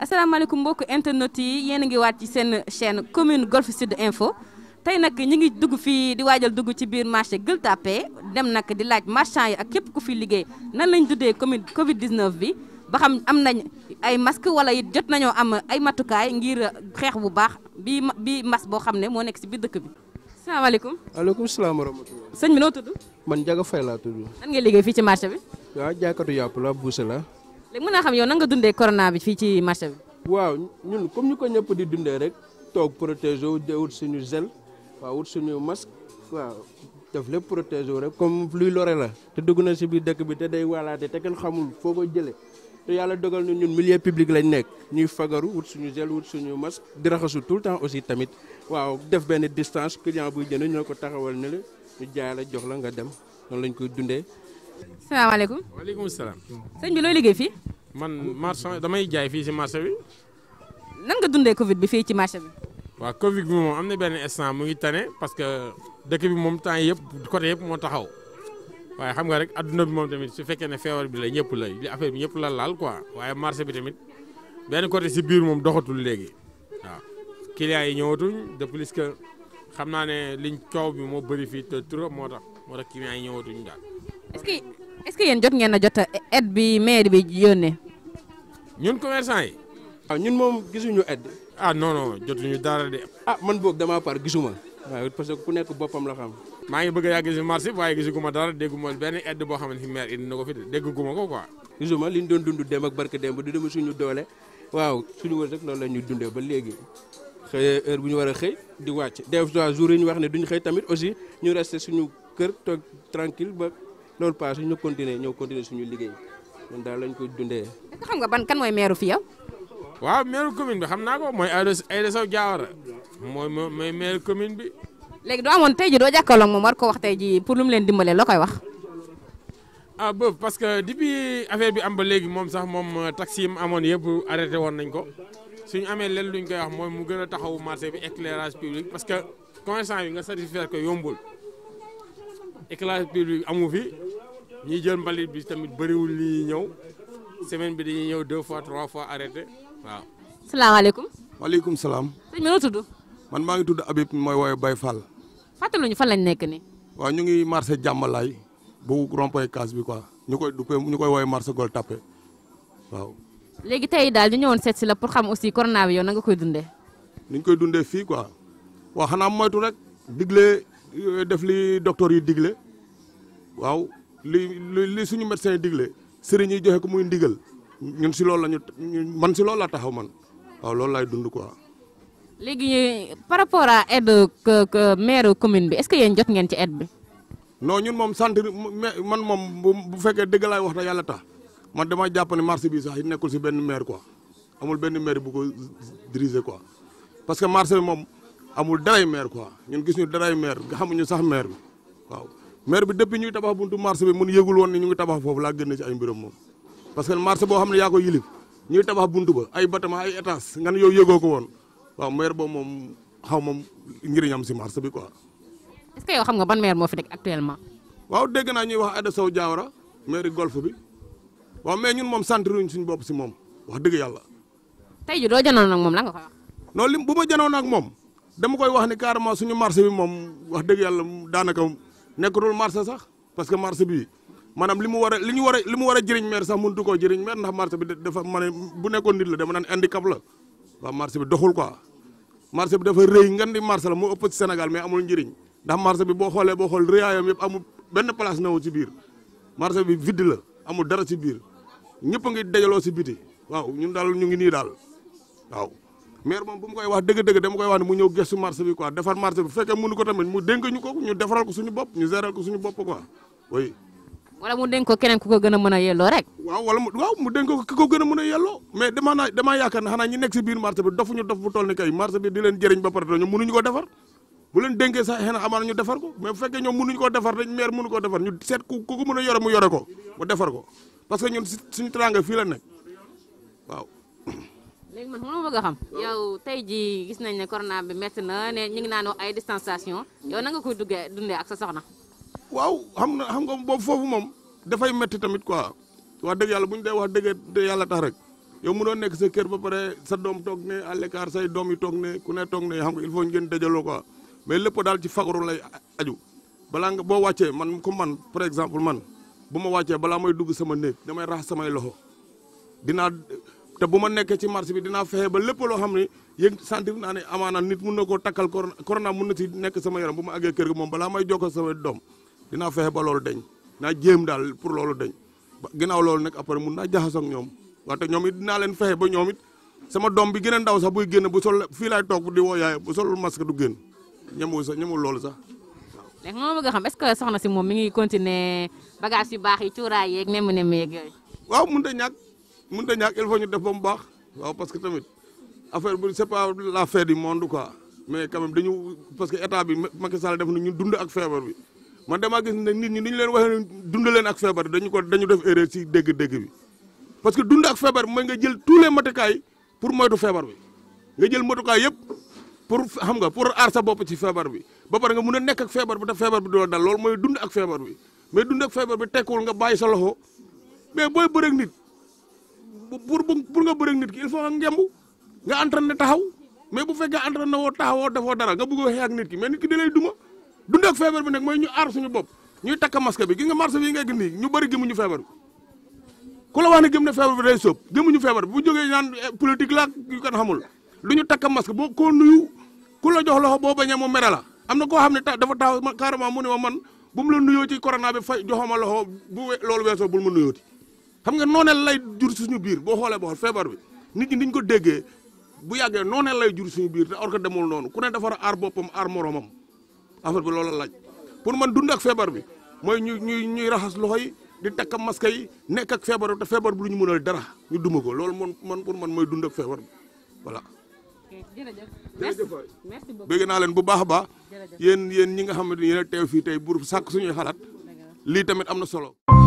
asalaamaaleykum mbokk internet yi yéen a ngi waat ci seen chaîne commune Golf Sud Info tey nag ñi ngi dugg fii di waajal dugg ci biir marché Gueule dem nag di laaj marchand yi ak képp ku fi liggéey nan lañ tuddee commune Covid 19 bi ba xam am nañ ay masque wala it jot nañoo am ay matukaay ngir xeex bu baax bi bi mas boo xam ne moo nekk si biir dëkk bi. salaamaaleykum. aleykum salaam wa rahmatulah. sëñ bi noo tudd. man jaga fay laa tudd. nan ngay liggéey fii ci marché bi. waaw ah, jaaykatu yàpp la buuse la. léegi mën naa xam yow nanga nga dundee corona bi fii ci marché bi. waaw ñun comme ñu ko ñëpp di dundee rek toog protéger wu de wut suñu gel waaw wut suñu masque waaw daf lépp protéger wu rek comme luy lore la te dugg na si biir dëkk bi te day walaate te kenn xamul foo ko jëlee te yàlla dogal na ñun milieu public lañ nekk ñuy fagaru wut suñu gel wut suñu masque di raxasu tout le temps aussi tamit waaw def benn distance client buy jënd ñoo ko taxawal ne la ñu jaay la jox la nga dem noonu lañ koy dundee. salaamaaleykum. waaleykum salaam. sëñ bi looy liggéey fii. man marchand damay jaay fii si marché bi. nan nga dundee Covid bi fii ci marché bi. waaw Covid bi moom am na benn instant mu ngi tane parce que dëkk bi moom temps yëpp côté yëpp moo taxaw waaye xam nga rek àdduna bi moom tamit su fekkee ne feebar bi la ñëpp la li affaire bi ñëpp la laal quoi waaye marché bi tamit benn côté si biir moom doxatul léegi waaw clients yi ñëwatuñ de plus que xam naa ne liñ coow bi moo bëri fii te trop moo tax moo tax yi ñëwatuñ daal. est-ce que jot ngeen a jot a aide bi maire bi yónnee. ñun commerçant yi. waaw ah, ñun moom gisuñu aide. a ah, non non jotuñu dara de. a ah, man boog damaa par gisuma. waaw parce que ku nekk boppam la xam. maa ngi bëgg a yàgg si marché waaye gisuguma dara dégguma benn aide boo xamante ni maire indi na ko fi dégguma ko quoi. gisuma li ñu doon dund dem ak barke dem ba du dem suñu doole waaw suñu rek loolu la ñuy dundee ba léegi. xëy bu ñu war a xëy di wàcc des fois jours yi ñu wax ne duñ xëy tamit aussi ñu resté suñu kër toog tranquille ba. loolu pas suñu continuer ñëw continuer suñu liggéey ñun daal lañ koy dundee. est xam nga ban kan mooy maire fi yow. waaw maire commune bi xam naa ko mooy Aïda Sow Diawara mooy mooy maire commune bi. léegi doo amoon tey ji doo jàkkaarloo moom war ko wax tey ji pour lu mu leen dimbalee loo koy wax. ah boobu parce que depuis affaire bi am ba léegi moom sax moom euh, taxi yi mu amoon yëpp arrêté woon nañ ko suñu amee lenn luñ koy wax mooy mu gën a taxaw marché bi éclairage public parce que commerçant bi nga satisfaire ko yombul. éclairage public amu fi ñiy jël mbalit bi tamit bëriwul li ñëw semaine bi dañuy ñëw deux fois trois fois arrêté waaw. salaamaaleykum. waaleykum salaam. sëñ bi noo tudd. man maa ngi tudd abi mooy woowee Baye Fall. fàttali ñu fa lañ nekk ni waaw ñu ngi marché jàmmalaay bu rond-point case bi quoi ñu koy duppee ñu koy woowee marché Gueule Tapée waaw. léegi tey daal ñu ñëwoon seet si la pour xam aussi corona bi yow na nga koy dundee. ni ñu koy dundee fii quoi waaw xanaa moytu rek Euh, def li docteur yi diglé waw li li suñu médecin diglé sëriñ yi joxé ko muy ndigal ñun ci lool lañu man ci lool la taxaw man waw lool lay dund quoi. légui ñi par rapport à aide que que maire commune bi est-ce que yeen jot ngeen ci aide bi. non ñun mom centre man mom bu féké dëgg lay wax na yalla tax man dama japp ni marché bi sax yi nekkul si benn maire quoi amul benn maire bu ko diriger quoi parce que marché mom amul daray maire quoi ñun gis ñu daray maire nga xamu ñu sax maire waaw maire bi depuis ñuy tabax buntu marché bi mu ñu yegul won ni ñu ngi tabax fofu la gën ci ay mbirum mom parce que marché bo xam ya ko yilif ñuy tabax buntu ba ay batama ay étage ngan yow yego ko won waaw maire bo mom xaw mom ngir ñam ci marché bi quoi. est ce que yow xam nga ban maire mo fi nek actuellement. waaw dégg na ñuy wax adassou Sow Diawara maire golf bi waaw mais ñun mom centre ruñ suñu bop ci mom wax dëgg yalla tay ju do janal nak mom la nga ko wax. non lim bu ma janoon ak dama koy wax ni carrément suñu marché bi mom wax deug yalla danaka nekul marché sax parce que marché bi manam limu wara liñu wara limu wara war a jëriñ mer sax jëriñ ndax marché bi dafa mané bu nekkon nit la dama nan handicap la wa marché bi doxul quoi marché bi dafa reuy di marché la mo ëpp ci Sénégal mais amul njëriñ ndax marché bi bo xolé bo xol rëyaayam yëpp amul benn place newu ci biir marché bi vide la amul dara ci biir ñëpp ngi dajaloo ci biti waaw ñun dal ñu ngi ni dal waaw maire moom bu mu koy wax dëgg-dëgg dama koy wax ne mu ñëw gëstu marché bi quoi defar marché bi fekkee mënu ko tamit mu dénk ñu ko ñu defaral ko suñu bopp mu ku ko gën a a yelloo rek. waaw wala mu waaw mu dénk ko ki ko gën a mën a yelloo mais damaa naa damaa yaakaar ne xanaa ñi nekk si biir marché bi dofuñu dof bu toll ni kay marché bi di leen ko defar bu leen dénkee sax xëy na amaana ñu defar ko mais bu fekkee ñoom mënuñu ñu seet ku a parce que ñun suñu teranga fii nekk waaw léegi man ma bëgg a xam oh. yow tey jii gis nañ ne corona bi métti na ne ñu ngi naan ay distanciation yow na nga koy duggee dundee ak sa soxna. waaw xam na xam nga boobu foofu moom dafay métti tamit quoi wax dëgg yàlla bu ñu dee wax dëgg yàlla tax rek yow mu doon nekk sa kër ba pare sa doom toog ne à l'écart say doom yi toog ne ku ne toog ne xam il faut ñu gën dajaloo quoi mais lépp daal ci fagaru lay aju balaa nga boo wàccee man comme man par exemple man bu ma wàccee balaa may dugg sama néeg damay rax samay loxo te bu ma nekkee ci marché bi dina fexe ba lépp loo xam ne yëg sentir naa ne amaana nit mun na koo takkal corona mun na ci nekk sama yaram bu ma àggee kër moom balaa may jokkoo sama doom dinaa fexe ba loolu deñ naa jéem daal pour loolu deñ ginnaaw loolu nag après mun naa jaxasoo ak ñoom wante ñoom it dinaa leen fexe ba ñoom it sama doom bi gën a ndaw sax buy génn bu sol fii laay toog di woo yaay bu solul masque du génn ñemewul sax ñemewul loolu sax. léegi moom bëgg a xam est-ce que soxna moom mi ngi continuer bagage yu baax yi cuuraay yeeg nemm nemm mën ta ak il faut ñu def ba mu baax waaw parce que tamit affaire bu c'est pas la fin du monde quoi mais quand même dañu parce que état bi Macky Sall def na ñu dund ak fièvre bi man dama gis ne nit ñi ni ñu leen waxe dund leen ak fièvre dañu ko dañu def erreur ci dégg-dégg bi parce que dund ak fièvre bi nga jël tous les matakaay pour moytu fièvre bi nga jël matakaay yépp pour xam nga pour ar sa bop ci fièvre bi ba par nga mun a nekk ak fièvre bi te fièvre bi do dal lool moy dund ak fièvre bi mais dund ak fièvre bi tekkul nga bayyi sa loxo mais boy bëreeg nit pour pour nga bëreng nit ki il faut nga ngemb nga entraîner taxaw mais bu fekkee entraîner woo taxawoo defoo dara nga bëgg a xeex ak nit ki mais nit ki da lay duma dund ak feebar bi nag mooy ñu aar suñu bopp ñuy takk masque bi gi nga marché bi nga gis ñu bëri gëmuñu feebar ku la wax ne gëm na feebar bi day sóob gëmuñu feebar bi bu jógee naan eh, politique la yu kan xamul lu ñu takk masque boo koo nuyu ku la jox loxo boo bañee mu mere la am na koo xam ne dafa taxaw carrément mu ne ma man bu mu la nuyoo ci corona bi fay joxoma loxo bu loolu weesoo bul ma nuyooti xam nga nooneel lay jur suñu biir bo xolé bo febar bi nit ñi niñ ko déggé bu yàggee nooneel lay jur suñu biir te or demul non ku ne dafa war a aar boppam moromam affaire bi loolu laaj pour man dund ak febar bi moy ñuy ñuy ñuy raxas loxoy di tak masque yi ak febar te feebar bi lu ñu mënal dara ñu duma ko loolu man man pour man moy dund ak febar voilà. merci beaucoup bëgg naa leen bu baax a yéen yéen ñi nga xamante ni yéen a teew fii tey sàkk suñuy xalaat lii tamit am na solo.